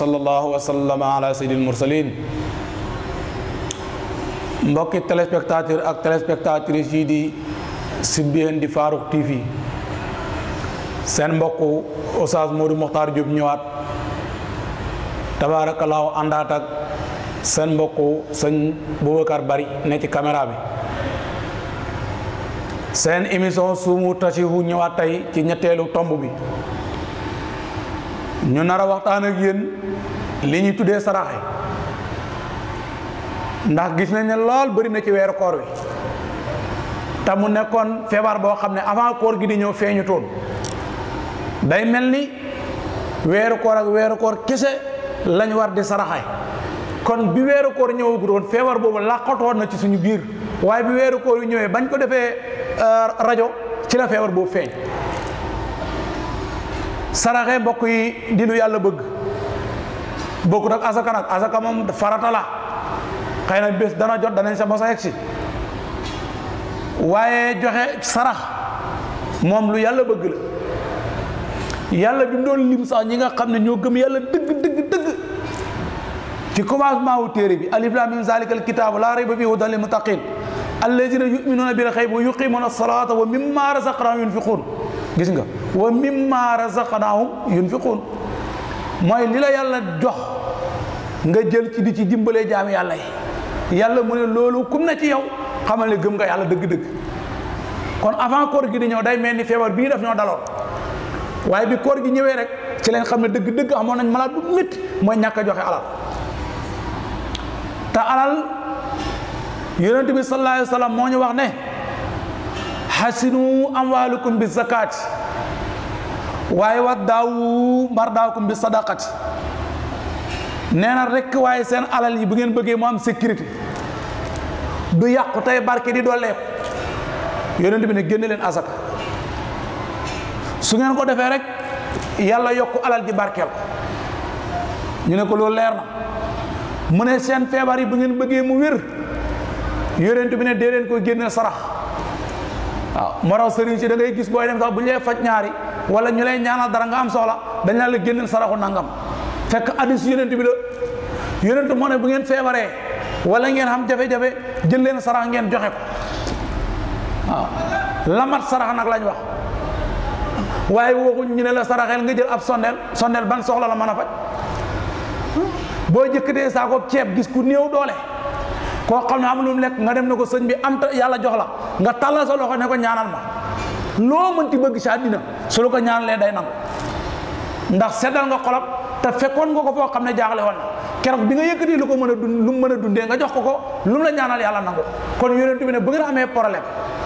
صلى allahu wasallam ala sayyidil mursalin mbokki téléspectateur ak téléspectatrice yi di sibbiheen di Farokh TV seen mbokku Oustaz Modou Mokhtar Diop ñëwaat tabaarakallaahu àndaat ak seen mbokku sëñ Boubacar Bari ne ci caméra bi seen émission suumu tashihu ñëwaat tey ci ñetteelu tomb bi ñu nar a waxtaan ak yéen li ñuy tuddee saraxe ndax gis nañ ne lool bëri na ci weeru koor wi te mu nekkoon feebar boo xam ne avant koor gi di ñëw feeñu day mel ni weeru koor ak weeru koor kese lañu war di saraxe kon bi weeru koor ñëwagul woon feebar boobu làqatoon na ci suñu biir waaye bi weeru koor yi ñëwee bañ ko defee euh, rajo ci la feebar boobu feeñ saraxe mbokk yi dinu yàlla bëgg bokk ak asaka asaka moom farata la xëy na bés dana jot danañ sama mosa yegsi waaye joxe sarax moom lu yàlla bëgg la yàlla bi mu lim sax ñi nga xam ne ñoo gëm yàlla dëgg dëgg dëgg ci commencement wu téere bi alif lam mim zalikal kitaabu laa rayba fiihi hudan lil muttaqin allazina yuminuuna bil xayb wa yuqimuuna as-salaata wa mimma razaqnahum yunfiquun gis nga wa mimma razaqnaahum yunfiquun mooy li la yàlla jox nga jël ci di ci dimbalee jaami yàlla yi yàlla mu ne loolu kum na ci yow xamal ne gëm nga yàlla dëgg-dëgg kon avant koor gi di ñëw day mel ni feebar bii def ñoo daloon waaye bi koor gi ñëwee rek ci leen xam ne dëgg-dëgg amoon nañ malade bu métti mooy ñàkk joxe alal te alal yonent bi sallallahu alayhi moo ñu wax ne hasinu amwalukum bi zakat waaye wa daawu mbar daawkum bi sadaqat neena rek rekk sen alal yi bu ngeen beugé mo am sécurité du yàqu tay barké di dolé yonent bi ne génne len azaka su ngeen ko defee rek yalla yokku alal di barkel ñu ne ko lo leer mu ne yi bu ngeen beugé mu yonent bi ne len ko sarax waaw moo tax sëriñ si da ngay gis booy dem sax bu ñu lay faj ñaari wala ñu lay ñaanal dara nga am soxla dañ la génneel saraxu nangam fekk addis yonent bi la yonent moo ne bu ngeen feebaree wala ngeen xam jafe-jafe jël leen sarax ngeen joxe ko waaw lamat sarax nag lañ wax waaye waxuñ ñu ne la saraxeel nga jël ab sondeel sondeel ban soxla la mën a faj boo jëkkatee saakoob ceeb gis ku néew doole ko xamna am lu lek nga dem nako ko bi am ta yàlla jox la nga tàllal sa loxo ne ko ñaanal ma lo mën ti bëgg ci adina su la ko ñaanalee day nangu ndax sédal nga xolop te fekkon nga ko fo xamne ne jaaxle woon na bi nga yëkëti lu ko mëna dund lu mëna dundé nga jox ko ko lu la ñaanal yalla nangu kon yonent bi ne bëgg na amé problème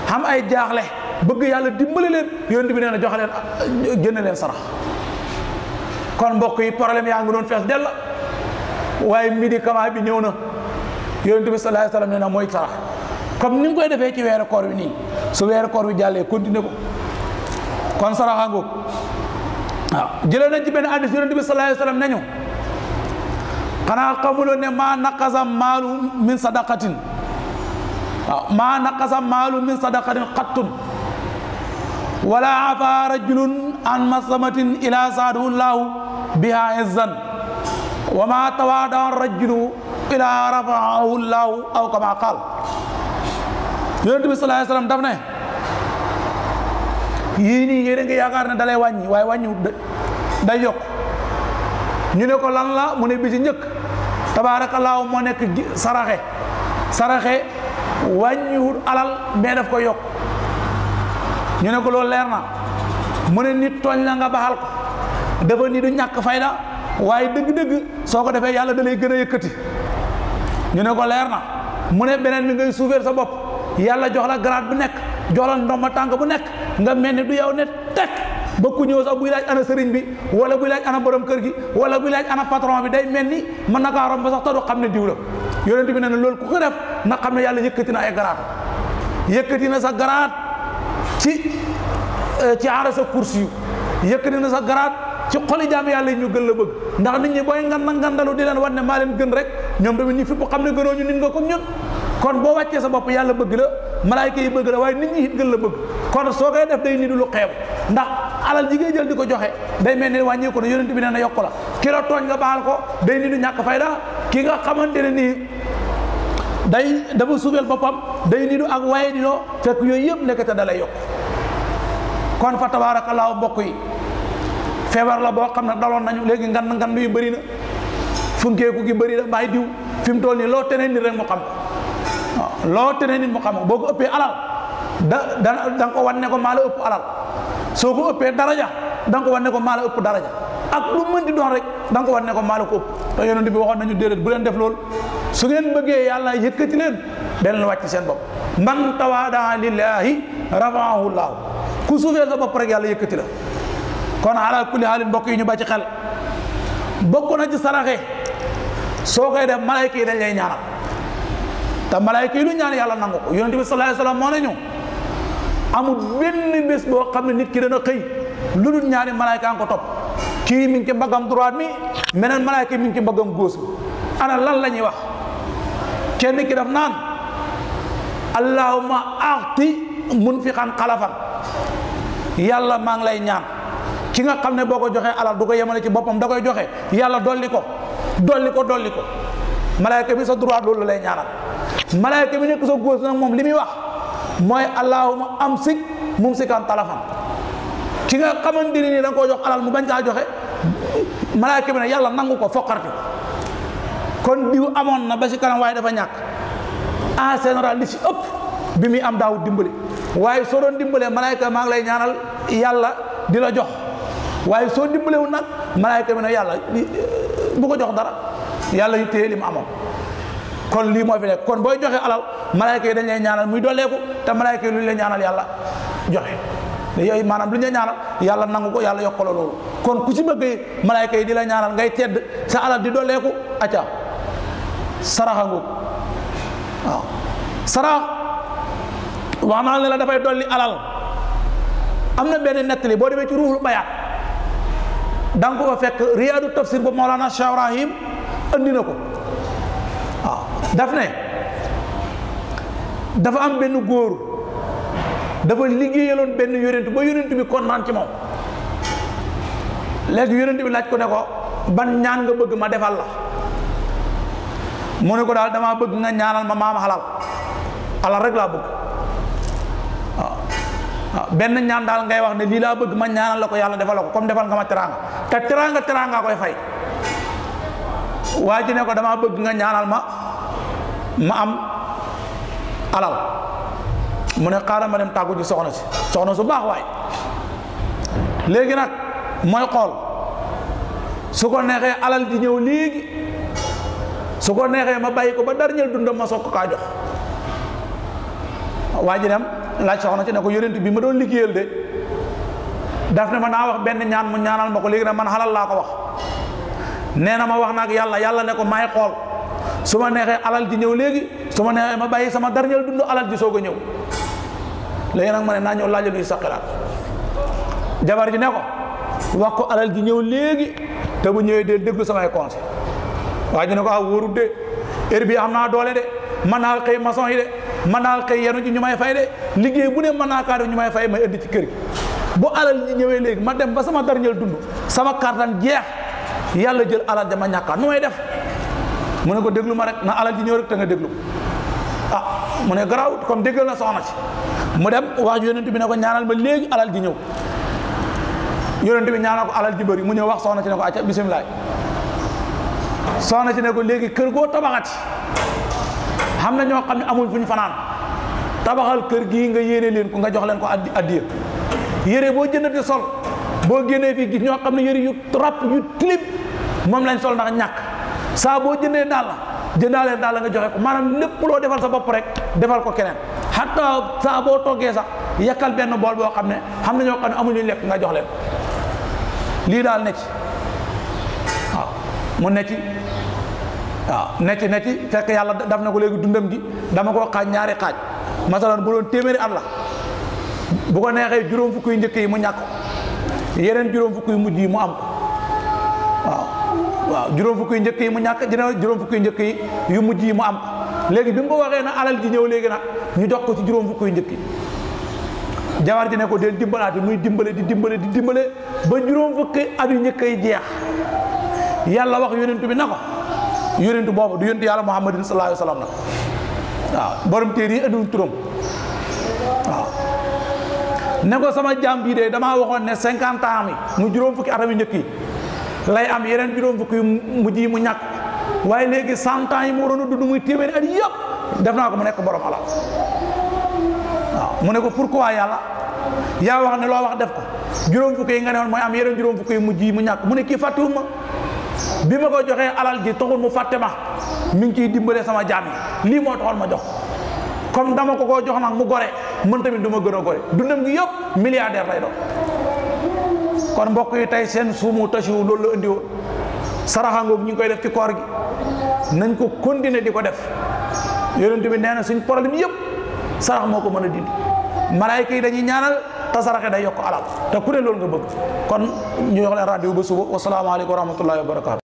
xam ay jaaxle bëgg yalla dimbalé len yonent bi nee na joxe leen génn sarax kon mbokk yi problème yaa ngi doon fees waye midi kama bi ñëw na yonent bi sallallahu alayhi wa na mooy sarax comme ni koy defee ci weeru koor ni nii su weeru koor wi jàllee kon saraxa ngoog waaw jëlee nañ ci benn hadiis yonent bi ne maa naqasa maalu maa naqasa maalu min sadaqatin xattun wala afa rajulun an masamatin ila saadahu biha izzan wa ma tawaada rajulu ilaa rafaahu llaahu aw kama qaal yonent bi sallallahu alayhi wasallam daf ne yii nii yéen a ngi yaakaar ne dalay wàññi waaye wàññi day yokk ñu ne ko lan la mu ne bi ci njëkk tabaarakallaahu moo nekk saraxe saraxe wàññiwut alal mais daf ko yokk ñu ne ko loolu leer na mu ne nit tooñ la nga baxal ko dafa ni du ñàkk fayda waaye dëgg-dëgg soo ko defee yàlla da gën a yëkkati ñu ne ko leer na mu ne beneen bi ngay suufeel sa bopp yàlla jox la grade bu nekk jox la ndomba tànk bu nekk nga mel ni du yow ne teg ba ku ñëw sax buy laaj ana sëriñ bi wala bu laaj ana borom kër gi wala buy laaj ana patron bi day mel ni mën na kaa ba sax te du xam ne diw la yonent bi ne na loolu ko def na xam ne yàlla yëkkati na ay grade yëkkati na sa grade ci euh, ci aara sa kursi yu yëkkati na sa grade ci xol jam yalla ñu gën la bëgg ndax nit ñi booy ngan ngandalu di leen wone ma leen gën rek ñom tamit ñu fipp xamne ne gënoo ñu nit nga ko ñun kon bo wacce sa bop yalla bëgg la malaika yi bëgg la way nit ñi hit gën la bëgg kon so koy def day nit lu xew ndax alal ji ngay jël di ko joxe day melni wañi ko ne yonent bi neena na la ki la tooñ nga baal ko day nidu ñak fayda ki nga xamantene ni day dafa suufeel bopam day nidu ak waye dino fekk yoy yëpp nekata dalay yok kon fa tabaarakallahu mbokk yi febar la bo xamna dalon nañu legi ngan ngan yu bari na funkeeku gi bari na bay diw fim tolni lo tenen ni rek mo xam lo tenen ni mo xam boko uppe alal da da ko wan ko mala upp alal soko ko daraja da ko wan ko mala upp daraja ak lu mën di don rek da ko wan ko mala ko to te yonent bi waxon nañu dedet bu len def lol su ngeen bëggee yalla yëkëti len den la wacc seen bop man tawada lillahi rafaahu allah ku suufee sa bop rek yalla yëkëti la kon ala kulli halin mbokk yi ñu ci xal bokku na ci saraxé so koy def malaika yi dañ lay ñaanal ta malaika yi lu ñaan yalla nangu ko bi sallallahu alayhi wasallam mo ne ñu benn bes bo xamni nit ki dana xey lu dul ñaari malaayka ko top ki mi ngi ci mbagam droit mi menen malaika mi ngi ci mbagam góos ana lan lañuy wax kenn ki daf naan allahumma aati munfiqan xalafan yalla ma ngi lay ñaan ki nga xam ne boo ko joxee alal du ko yemale ci boppam da koy joxe yàlla dolli ko dolli ko dolli ko malayka bi sa droit loolu lay ñaanal malayka bi nekk sa góos nag moom li muy wax mooy allahuma am sik mum sikan talafan ki nga xamante ni da koo jox alal mu bañ kaa joxe malayka bi ne yàlla nangu ko foqarti kon diw amoon na ba si kanam waaye dafa ñàkk en général li si ëpp bi muy am daaw dimbali waaye soo doon dimbalee malayka maa ngi lay ñaanal yàlla di la jox waaye soo dimbalewul nag malaayka bi ne yàlla bu ko jox dara yàlla yu téye li mu amoon kon lii moo fi nekk kon booy joxe alal malaayka yi dañ lay ñaanal muy dolleeku te malaayka yi lu lay ñaanal yàlla joxe yooyu maanaam lu ñu lay ñaanal yàlla nangu ko yàlla yokk la loolu kon ku ci bëgg yi yi di la ñaanal ngay tedd sa alal di dolleeku acca saraxa ngóog sarax wax naa ne la dafay dolli alal am na benn nettali boo demee ci ruuxul bayaat da nga ko fekk riyaadu tafsir bu Mawlana Cheikh Ibrahim andi na ko waaw daf ne dafa am benn góor dafa liggéeyaloon benn yonent ba yonent bi kontaan ci moom léegi yonent bi laaj ko ne ko ban ñaan nga bëgg ma defal la mu ne ko daal damaa bëgg nga ñaanal ma maam xalal alal rek laa bëgg ben ñaan dal ngay wax ne li la bëgg ma ñaanal lako yalla defal lako comme defal nga ma teranga te teranga teranga koy fay waji ne ko dama bëgg nga ñaanal ma ma am alal mu ne xaaral ma dem tàggu ci soxna ci soxna su bax way legi nak moy xol su ko nexé alal di ñew legi su ko nexé ma bayiko ba dundam ma soog ka jox waa ji dem laaj soxna ci ne ko yonent bi ma doon liggéeyal de daf ne ma naa wax benn ñaan mu ñaanal ma ko léegi nag man xalal laa ko wax nee na ma wax naag yàlla yàlla ne ko maay xool su ma neexee alal ji ñëw léegi su ma neexee ma bàyyi sama dernier dund alal ji soog a ñëw léegi nag ma ne naa ñëw laajal yu saqilaat jabar ji ne ko wax ko alal ji ñëw léegi te bu ñëwee dee déglu samay conseil waa ne ko ah wóorut de heure bi am naa doole de mën naa kay maçon yi de mën naa kay yenu ji ñu may fay de liggéey bu ne mën naa kaa def ñu may fay ma ëddi ci kër bu alal ji ñëwee léegi ma dem ba sama dernier dund sama kartan jeex yàlla jël alal dama ñàkkaa nu may def mu ne ko déglu ma rek na alal ji ñëw rek te nga déglu ah mu ne garaaw comme déggal na soxna ci mu dem wax yonent bi ne ko ñaanal ma léegi alal ji ñëw yonent bi ñaanal ko alal ji bëri mu ñëw wax soxna ci ne ko acca bisimilaay soxna ci ne léegi kër goo tabaxati xam na ñoo xam amul amuñ fuñ fanaan tabaxal kër gi nga yéene leen ko nga jox leen ko ya. yéré bo boo di sol bo génnee fi gis ñoo xam yéré yu trap yu tilib mom lañ sol ndax ñàkk sa boo jëndee dàll jëndaale dal nga joxé ko manam lepp lo défal sa bop rek défal ko kenen hatta sa bo toggee sax yakal benn bol bo xamné ne xam na ñoo xam ne amuñu lekk nga jox leen li dal ne ci mu ne ci waaw netti netti fekk yàlla daf na ko léegi dundam di dama koo xaaj ñaari xaaj masalaan bu doon téeméeri at la bu ko neexee juróom fukk yu njëkk yi mu ñàkk yeneen juróom fukk yu mujj yi mu am waaw waaw juróom fukk yu njëkk yi ñàkk yeneen juróom yu njëkk yi yu mujj yi mu am léegi bi ko waxee na alal ji ñëw léegi nag ñu jox ko ci juróom fukk yu njëkk yi ji ne ko del dimbalaati muy dimbale di dimbale di dimbale ba juróom fukki at yu njëkk yi jeex yàlla wax yonent bi na ko yoonentou bobu du yoonentou yalla muhammad sallallahu alaihi wasallam nak ah, la waaw borom teeri yi turum turam ah. waaw ne ko sama jam bi de dama waxone ne 50 ans mi mu juroom fukki atami yu yi lay am yeneen juroom fukki mu ji mu ñak waaye legi 100 ans yi mo waroon a muy téeméeri at yëpp def naa ko mu nek borom ala waaw ah, mu ne ko pourquoi yalla ya wax ne lo wax def ko juroom fukki nga neewon moy am yeneen juroom fukki mu ji mu ñak mu ne ki fatuma bi ma ko joxee alal ji taxul mu fàtte ma mi ngi ciy dimbale sama jaam yi lii moo taxoon ma jox comme dama ko koo jox nag mu gore man tamit du ma gën a gore dundam gi yëpp milliardaire lay doon kon mbokk yi tey seen suumu tashiwu loolu la indi woon saraxa ngoog ñu ngi koy def ci koor gi nañ ko continuer di ko def yonent bi nee na suñ problème yëpp sarax moo ko mën a dindi malaayka yi dañuy ñaanal te saraxe day yokk alal te ku ne nga bëgg kon ñu radio ba suba wasalaamaaleykum wa rahmatullahi wa barakaatu